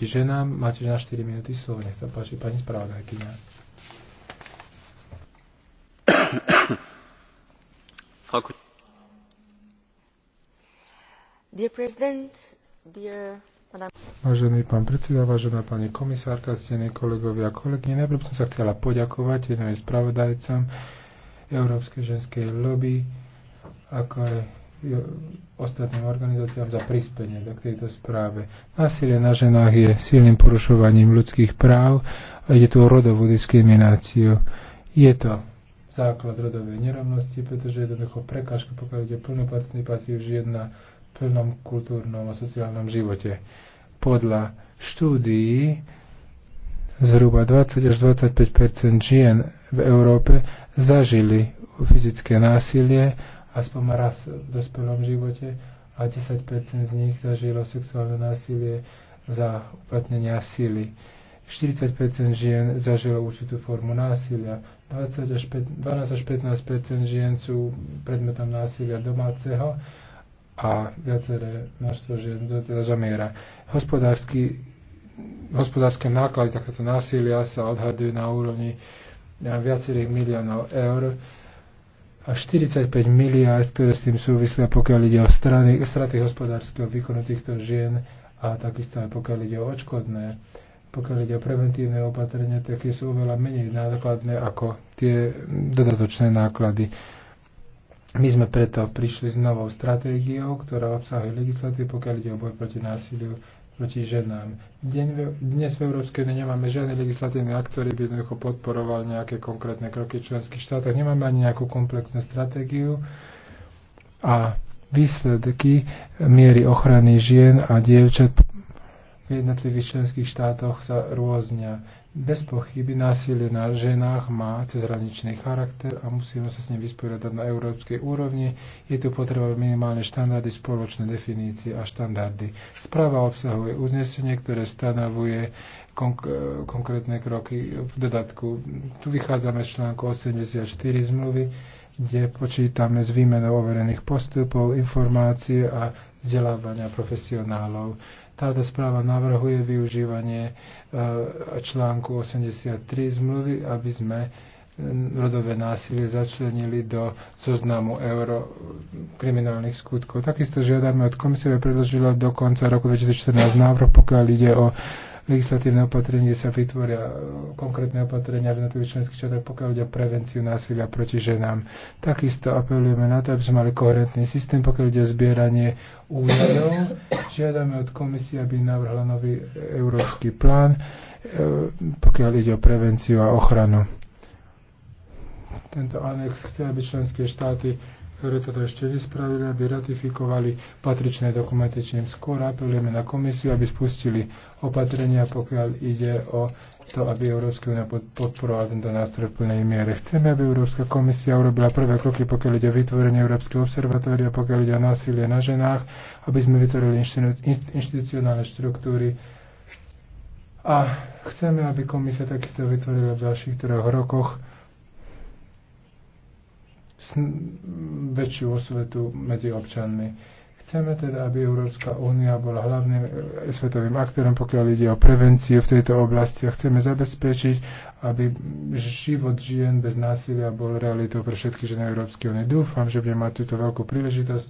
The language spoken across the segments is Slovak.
proti ženám. Máte na 4 minúty slovo. Nech sa páči, pani spravodajkyňa. Vážený pán predseda, vážená pani komisárka, ctení kolegovia a kolegyne, najprv som sa chcela poďakovať jednej spravodajcom Európskej ženskej lobby, ako aj ostatným organizáciám za prispenie k tejto správe. Násilie na ženách je silným porušovaním ľudských práv a ide tu o rodovú diskrimináciu. Je to základ rodovej nerovnosti, pretože jednoducho prekážka, pokiaľ ide plnú participáciu žien na plnom kultúrnom a sociálnom živote. Podľa štúdií zhruba 20 až 25 žien v Európe zažili fyzické násilie aspoň raz v dospelom živote a 10% z nich zažilo sexuálne násilie za uplatnenia síly. 40 žien zažilo určitú formu násilia, 20 až 5, 12 až 15 žien sú predmetom násilia domáceho a viaceré množstvo žien teda zomiera. Hospodársky, hospodárske náklady takéto násilia sa odhadujú na úrovni viacerých miliónov eur a 45 miliárd, ktoré s tým súvisia, pokiaľ ide o strany, straty hospodárskeho výkonu týchto žien a takisto aj pokiaľ ide o očkodné. Pokiaľ ide o preventívne opatrenia, tak tie sú oveľa menej nákladné ako tie dodatočné náklady. My sme preto prišli s novou stratégiou, ktorá obsahuje legislatívu, pokiaľ ide o boj proti násiliu proti ženám. Dnes v Európskej unii nemáme žiadny legislatívny akt, ktorý by jednoducho podporoval nejaké konkrétne kroky v členských štátoch. Nemáme ani nejakú komplexnú stratégiu a výsledky miery ochrany žien a dievčat v jednotlivých členských štátoch sa rôznia. Bez pochyby násilie na ženách má cezhraničný charakter a musíme sa s ním vysporiadať na európskej úrovni. Je tu potreba minimálne štandardy, spoločné definície a štandardy. Správa obsahuje uznesenie, ktoré stanovuje konk- konkrétne kroky v dodatku. Tu vychádzame z článku 84 zmluvy kde počítame s výmenou overených postupov, informácií a vzdelávania profesionálov. Táto správa navrhuje využívanie eh, článku 83 zmluvy, aby sme eh, rodové násilie začlenili do zoznamu euro kriminálnych skutkov. Takisto žiadame od komisie, aby predložila do konca roku 2014 návrh, pokiaľ ide o legislatívne opatrenie sa vytvoria e, konkrétne opatrenia v jednotlivých členských štátoch, pokiaľ ide o prevenciu násilia proti ženám. Takisto apelujeme na to, aby sme mali koherentný systém, pokiaľ ide o zbieranie údajov. Žiadame od komisie, aby navrhla nový európsky plán, e, pokiaľ ide o prevenciu a ochranu. Tento anex chce, aby členské štáty ktoré toto ešte nespravili, aby ratifikovali patričné dokumenty čím skôr. Apelujeme na komisiu, aby spustili opatrenia, pokiaľ ide o to, aby Európska únia podporovala tento nástroj v plnej miere. Chceme, aby Európska komisia urobila prvé kroky, pokiaľ ide o vytvorenie Európskeho observatória, pokiaľ ide o násilie na ženách, aby sme vytvorili inštitucionálne štruktúry a chceme, aby komisia takisto vytvorila v ďalších troch rokoch väčšiu osvetu medzi občanmi. Chceme teda, aby Európska únia bola hlavným eh, svetovým aktérom, pokiaľ ide o prevenciu v tejto oblasti a chceme zabezpečiť, aby život žien bez násilia bol realitou pre všetky ženy Európskej únie. Dúfam, že budeme mať túto veľkú príležitosť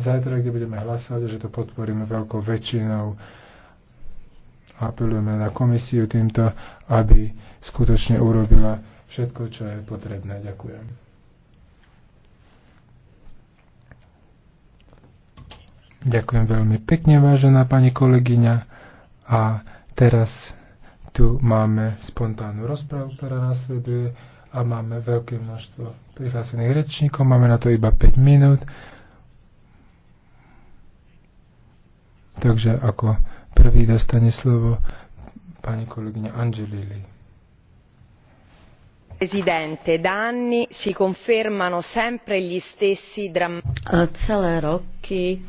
zajtra, kde budeme hlasovať a že to podporíme veľkou väčšinou. Apelujeme na komisiu týmto, aby skutočne urobila všetko, čo je potrebné. Ďakujem. Ďakujem veľmi pekne, vážená pani kolegyňa. A teraz tu máme spontánnu rozprávu, ktorá následuje a máme veľké množstvo prihlásených rečníkov. Máme na to iba 5 minút. Takže ako prvý dostane slovo pani kolegyňa Angelili. Presidente, da anni si confermano sempre gli stessi drammi. Celé roky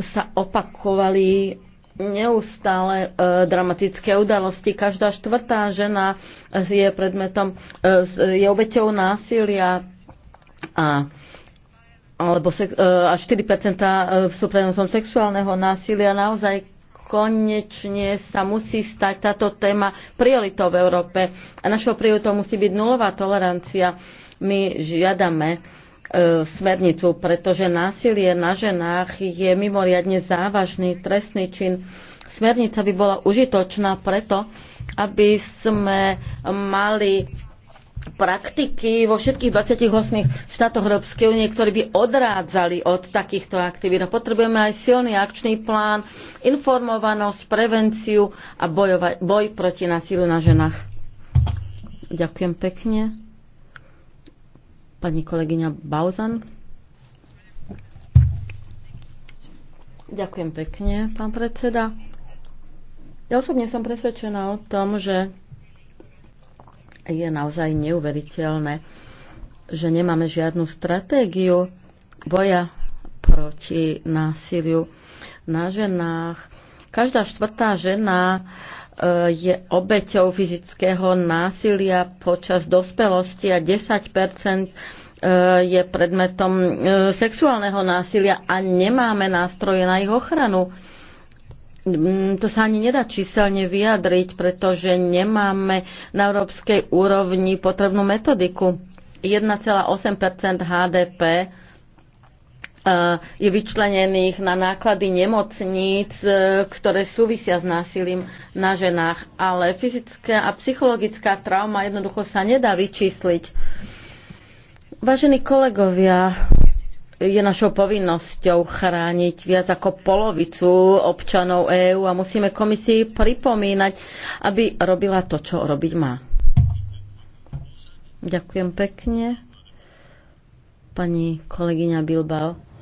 sa opakovali neustále e, dramatické udalosti. Každá štvrtá žena je predmetom, e, je obeťou násilia a alebo se, e, až 4% e, sú predmetom sexuálneho násilia. Naozaj konečne sa musí stať táto téma prioritou v Európe. A našou prioritou musí byť nulová tolerancia. My žiadame E, smernicu, pretože násilie na ženách je mimoriadne závažný trestný čin. Smernica by bola užitočná preto, aby sme mali praktiky vo všetkých 28 štátoch Európskej únie, ktorí by odrádzali od takýchto aktivít. A potrebujeme aj silný akčný plán, informovanosť, prevenciu a bojova- boj proti násilu na ženách. Ďakujem pekne. Pani kolegyňa Bauzan. Ďakujem pekne, pán predseda. Ja osobne som presvedčená o tom, že je naozaj neuveriteľné, že nemáme žiadnu stratégiu boja proti násiliu na ženách. Každá štvrtá žena E, je obeťou fyzického násilia počas dospelosti a 10 e, je predmetom e, sexuálneho násilia a nemáme nástroje na ich ochranu. Mm, to sa ani nedá číselne vyjadriť, pretože nemáme na európskej úrovni potrebnú metodiku. 1,8 HDP Eh, je vyčlenených na náklady nemocníc, eh, ktoré súvisia s násilím na ženách. Ale fyzická a psychologická trauma jednoducho sa nedá vyčísliť. Vážení kolegovia, je našou povinnosťou chrániť viac ako polovicu občanov EÚ a musíme komisii pripomínať, aby robila to, čo robiť má. Ďakujem pekne. Pani kolegyňa Bilbao.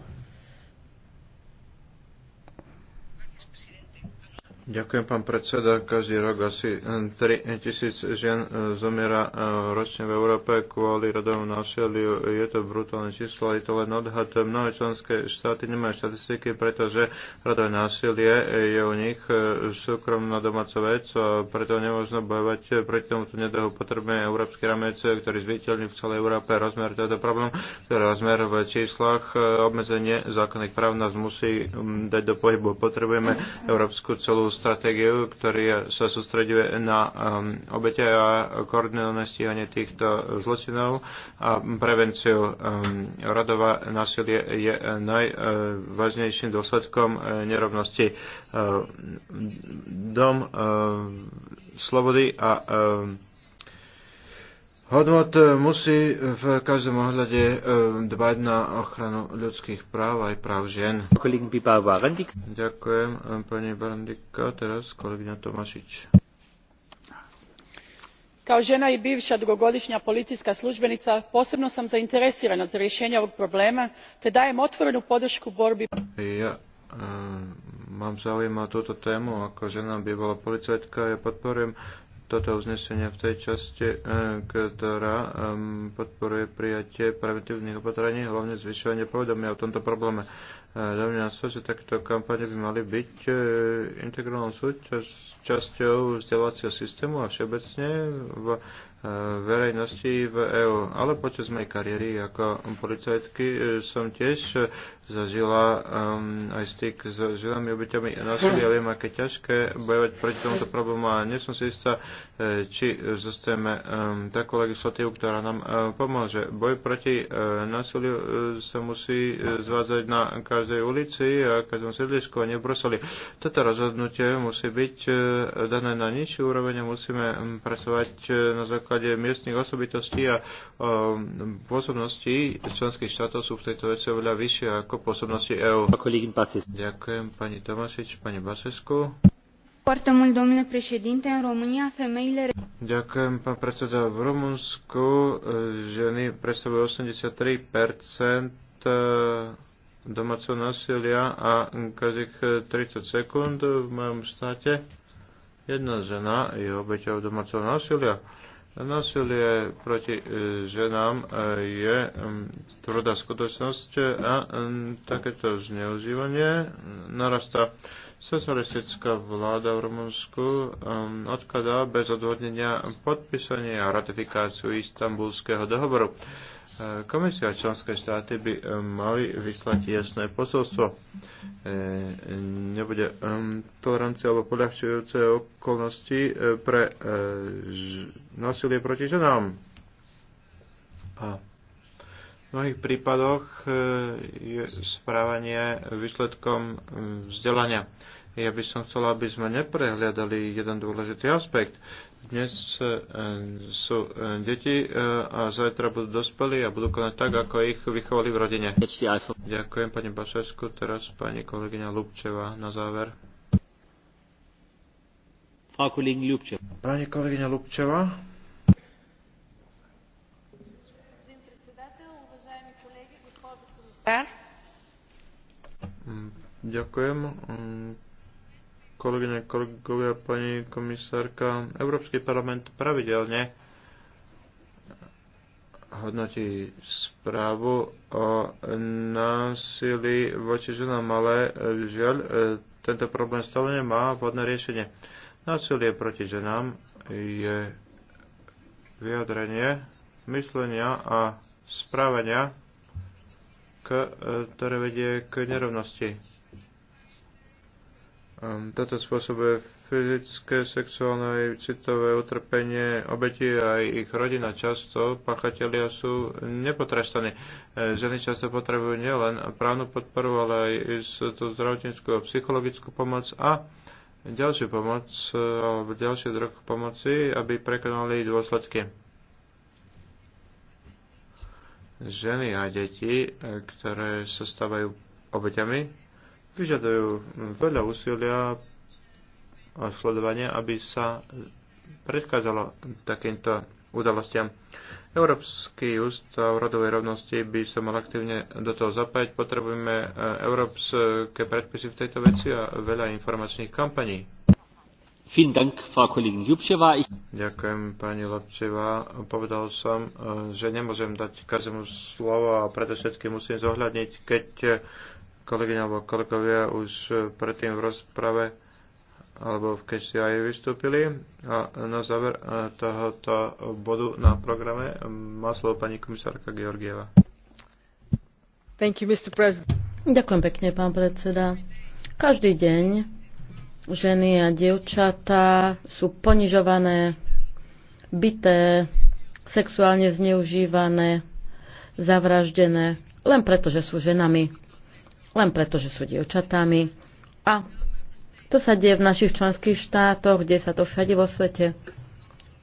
Ďakujem, pán predseda. Každý rok asi 3 hm, tisíc žien hm, zomiera hm, ročne v Európe kvôli rodovom násiliu. Je to brutálne číslo, je to len odhad. Mnohé členské štáty nemajú štatistiky, pretože rodové násilie je u nich súkromná domáca vec a preto nemôžno bojovať proti tomuto nedohu. Potrebujeme európsky ramec, ktorý zviditeľní v celej Európe rozmer tohto problém, ktorý rozmer v číslach obmedzenie zákonných práv nás musí dať do pohybu. Potrebujeme európsku celú stratégiu, ktorý sa sústreduje na um, obete a koordinované stíhanie týchto zločinov a prevenciu. Um, radová násilie je najvážnejším dôsledkom uh, nerovnosti. Uh, dom uh, slobody a um, hodnot eh, musí v každom ohľade eh, dbať na ochranu ľudských práv aj práv žien. Ďakujem, eh, pani Barandika. Teraz kolegyňa Tomašič. Kao žena i bivša dugogodišnja policijska službenica posebno sam zainteresirana za rješenje ovog problema te dajem otvorenu podršku borbi ja um, mám záujem o túto tému. Ako žena bivala policajtka ja podporujem toto uznesenie v tej časti, e, ktorá podporuje prijatie preventívnych opatrení, hlavne zvyšovanie povedomia o tomto probléme. Domňa sa, že takéto kampane by mali byť e, integrálnou súčasťou vzdelávacieho systému a všeobecne v verejnosti v EÚ. Ale počas mojej kariéry ako policajtky e, som tiež e, zažila um, aj styk s žilami obyťami ja Viem, aké ťažké bojovať proti tomuto problému a nie som si istá, e, či zostajeme um, takú legislatívu, ktorá nám um, pomôže. Boj proti uh, násiliu uh, sa musí uh, zvádzať na každej ulici a každom sedlisku a nie v Toto rozhodnutie musí byť uh, dané na nižší úroveň a musíme um, pracovať uh, na základe základe miestnych osobitostí a um, pôsobností členských štátov sú v tejto veci oveľa vyššie ako pôsobnosti EÚ. Ďakujem pani Tomasič, pani Basescu. Ďakujem, pán predseda. V Rumunsku e, ženy predstavujú 83 e, domáceho násilia a každých 30 e, sekúnd v mojom štáte jedna žena je obeťou domáceho násilia. Nasilie proti e, ženám e, je tvrdá skutočnosť a takéto zneužívanie narastá. Socialistická vláda v Rumunsku odkladá bez odvodnenia podpísanie a ratifikáciu istambulského dohovoru. E, komisia a členské štáty by e, mali vyslať jasné posolstvo. E, nebude tolerancia alebo poľahčujúce okolnosti pre násilie proti ženám. A v mnohých prípadoch je správanie výsledkom vzdelania. Ja by som chcel, aby sme neprehliadali jeden dôležitý aspekt. Dnes e, sú e, deti e, a zajtra budú dospelí a budú konať tak, ako ich vychovali v rodine. Ďakujem pani Bašesku, teraz pani kolegyňa Lubčeva na záver. Pani kolegyňa Lubčeva. Mm, ďakujem. Mm, kolegyne, kolegovia, pani komisárka. Európsky parlament pravidelne hodnotí správu o násilí voči ženám, ale žiaľ, e, tento problém stále nemá vhodné riešenie. Násilie proti ženám je vyjadrenie myslenia a správania, e, ktoré vedie k nerovnosti Ehm, toto spôsobuje fyzické, sexuálne aj citové utrpenie obeti a ich rodina často, pachatelia sú nepotrestaní. Ehm, ženy často potrebujú nielen právnu podporu, ale aj tú zdravotníckú a psychologickú pomoc a ďalšiu pomoc ehm, alebo ďalší druh pomoci, aby prekonali dôsledky. Ženy a deti, ktoré sa stávajú obeťami, vyžadujú mm, veľa úsilia a sledovania, aby sa predkázalo takýmto udalostiam. Európsky ústav rodovej rovnosti by sa mal aktívne do toho zapájať. Potrebujeme e, európske predpisy v tejto veci a veľa informačných kampaní. Ďakujem, pani Lapčeva. Povedal som, e, že nemôžem dať každému slovo a predovšetkým musím zohľadniť, keď e, kolegyne alebo kolegovia už predtým v rozprave alebo v keďte aj vystúpili. A na záver eh, tohoto bodu na programe eh, má slovo pani komisárka Georgieva. Thank you, Mr. President. Ďakujem pekne, pán predseda. Každý deň ženy a dievčatá sú ponižované, bité, sexuálne zneužívané, zavraždené, len preto, že sú ženami len preto, že sú dievčatami. A to sa deje v našich členských štátoch, kde sa to všade vo svete.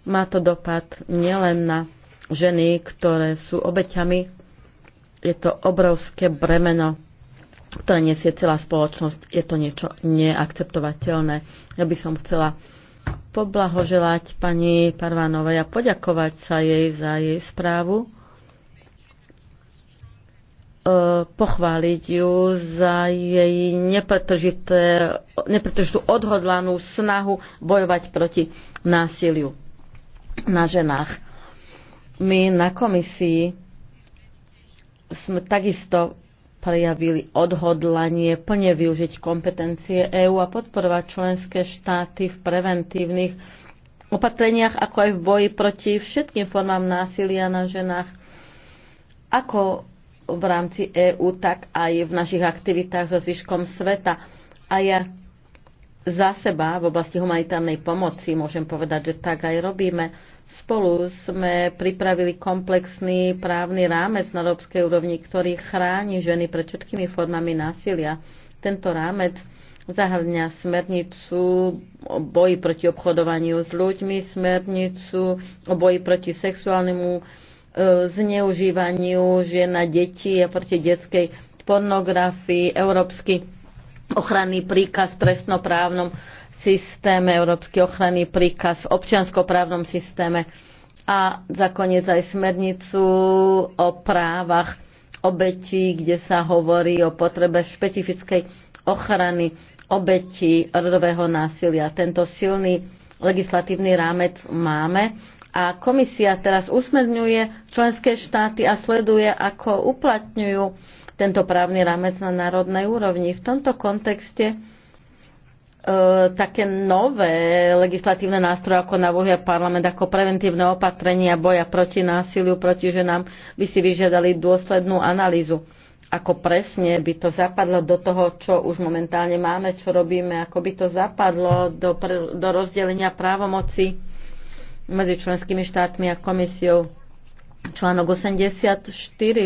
Má to dopad nielen na ženy, ktoré sú obeťami. Je to obrovské bremeno, ktoré nesie celá spoločnosť. Je to niečo neakceptovateľné. Ja by som chcela poblahoželať pani Parvánovej a poďakovať sa jej za jej správu E, pochváliť ju za jej nepretržitú odhodlanú snahu bojovať proti násiliu na ženách. My na komisii sme takisto prejavili odhodlanie plne využiť kompetencie EÚ a podporovať členské štáty v preventívnych opatreniach, ako aj v boji proti všetkým formám násilia na ženách. Ako v rámci EÚ, tak aj v našich aktivitách so zvyškom sveta. A ja za seba v oblasti humanitárnej pomoci môžem povedať, že tak aj robíme. Spolu sme pripravili komplexný právny rámec na európskej úrovni, ktorý chráni ženy pred všetkými formami násilia. Tento rámec zahrňa smernicu o boji proti obchodovaniu s ľuďmi, smernicu o boji proti sexuálnemu E, zneužívaniu žien a detí a proti detskej pornografii, Európsky ochranný príkaz v trestnoprávnom systéme, Európsky ochranný príkaz v občianskoprávnom systéme a zakoniec aj smernicu o právach obetí, kde sa hovorí o potrebe špecifickej ochrany obetí rodového násilia. Tento silný legislatívny rámec máme a komisia teraz usmerňuje členské štáty a sleduje, ako uplatňujú tento právny rámec na národnej úrovni. V tomto kontexte e, také nové legislatívne nástroje, ako navrhuje parlament, ako preventívne opatrenia boja proti násiliu proti ženám, by si vyžiadali dôslednú analýzu. Ako presne by to zapadlo do toho, čo už momentálne máme, čo robíme, ako by to zapadlo do, do rozdelenia právomoci medzi členskými štátmi a komisiou. Článok 84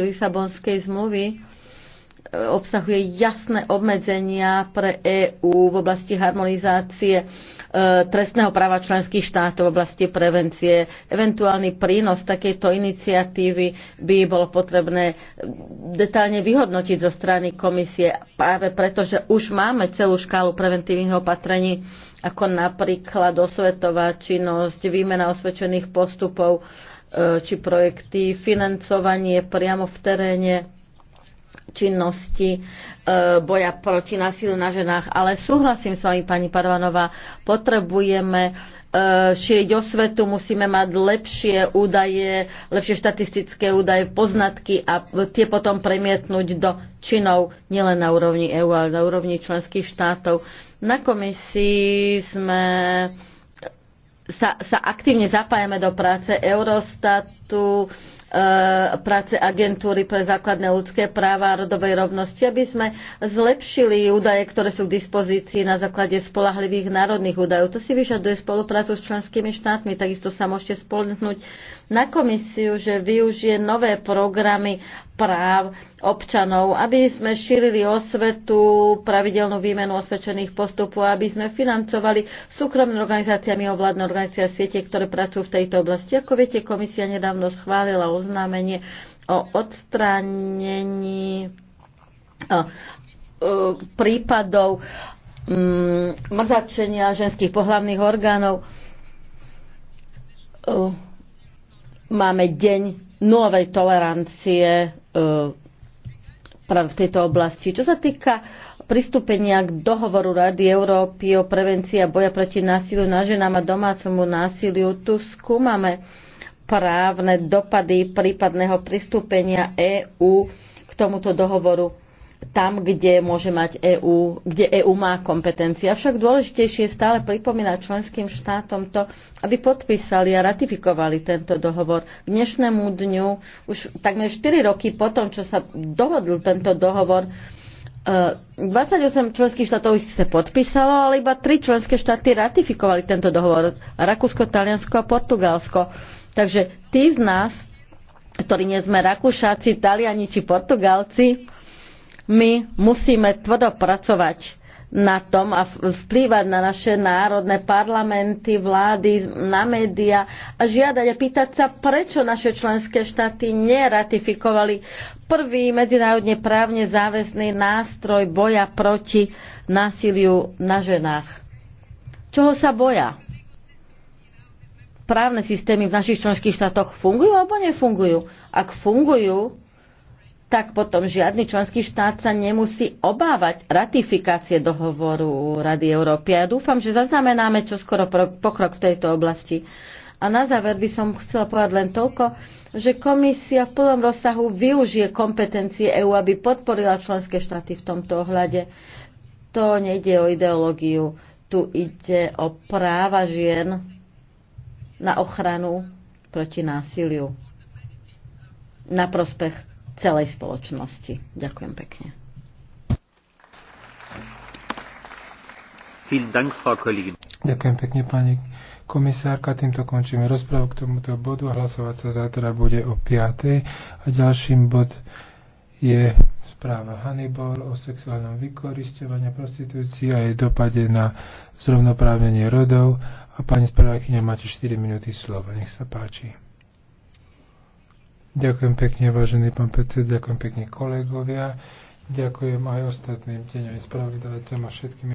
Lisabonskej zmluvy e, obsahuje jasné obmedzenia pre EÚ v oblasti harmonizácie e, trestného práva členských štátov v oblasti prevencie. Eventuálny prínos takejto iniciatívy by bolo potrebné e, detálne vyhodnotiť zo strany komisie, práve preto, že už máme celú škálu preventívnych opatrení ako napríklad osvetová činnosť, výmena osvedčených postupov e, či projekty, financovanie priamo v teréne, činnosti e, boja proti násilu na ženách. Ale súhlasím s vami, pani Parvanová, potrebujeme e, šíriť osvetu, musíme mať lepšie údaje, lepšie štatistické údaje, poznatky a tie potom premietnúť do činov nielen na úrovni EU, ale na úrovni členských štátov. Na komisii sme sa, sa aktívne zapájame do práce Eurostatu, E, práce agentúry pre základné ľudské práva a rodovej rovnosti, aby sme zlepšili údaje, ktoré sú k dispozícii na základe spolahlivých národných údajov. To si vyžaduje spoluprácu s členskými štátmi. Takisto sa môžete spolnúť na komisiu, že využije nové programy práv občanov, aby sme šírili osvetu, pravidelnú výmenu osvedčených postupov, aby sme financovali súkromné organizáciami a vládne organizácie siete, ktoré pracujú v tejto oblasti. Ako viete, komisia nedávno schválila oznámenie o odstránení prípadov mm, mrzačenia ženských pohlavných orgánov. Máme deň nulovej tolerancie práve v tejto oblasti. Čo sa týka pristúpenia k dohovoru Rady Európy o prevencii a boja proti násiliu na ženám a domácemu násiliu, tu skúmame právne dopady prípadného pristúpenia EÚ k tomuto dohovoru tam, kde môže mať EÚ, kde EÚ má kompetencie. Avšak dôležitejšie je stále pripomínať členským štátom to, aby podpísali a ratifikovali tento dohovor. K dnešnému dňu, už takmer 4 roky po tom, čo sa dohodl tento dohovor, 28 eh, členských štátov ich sa podpísalo, ale iba 3 členské štáty ratifikovali tento dohovor. Rakúsko, Taliansko a Portugalsko Takže tí z nás, ktorí nie sme Rakúšáci, Taliani či Portugálci, my musíme tvrdo pracovať na tom a vplývať na naše národné parlamenty, vlády, na média a žiadať a pýtať sa, prečo naše členské štáty neratifikovali prvý medzinárodne právne záväzný nástroj boja proti násiliu na ženách. Čoho sa boja? právne systémy v našich členských štátoch fungujú alebo nefungujú. Ak fungujú, tak potom žiadny členský štát sa nemusí obávať ratifikácie dohovoru Rady Európy. Ja dúfam, že zaznamenáme čoskoro pokrok v tejto oblasti. A na záver by som chcela povedať len toľko, že komisia v plnom rozsahu využije kompetencie EÚ, aby podporila členské štáty v tomto ohľade. To nejde o ideológiu, tu ide o práva žien na ochranu proti násiliu na prospech celej spoločnosti. Ďakujem pekne. Ďakujem pekne, pani komisárka. Týmto končíme rozprávu k tomuto bodu. Hlasovať sa zajtra bude o 5. A ďalším bod je správa Hannibal o sexuálnom vykoristovaní prostitúcii a jej dopade na zrovnoprávnenie rodov. A pani spravodajkyňa, máte 4 minúty slova, nech sa páči. Ďakujem pekne, vážený pán predseda, ďakujem pekne kolegovia, ďakujem aj ostatným deňovým spravodajcom a všetkým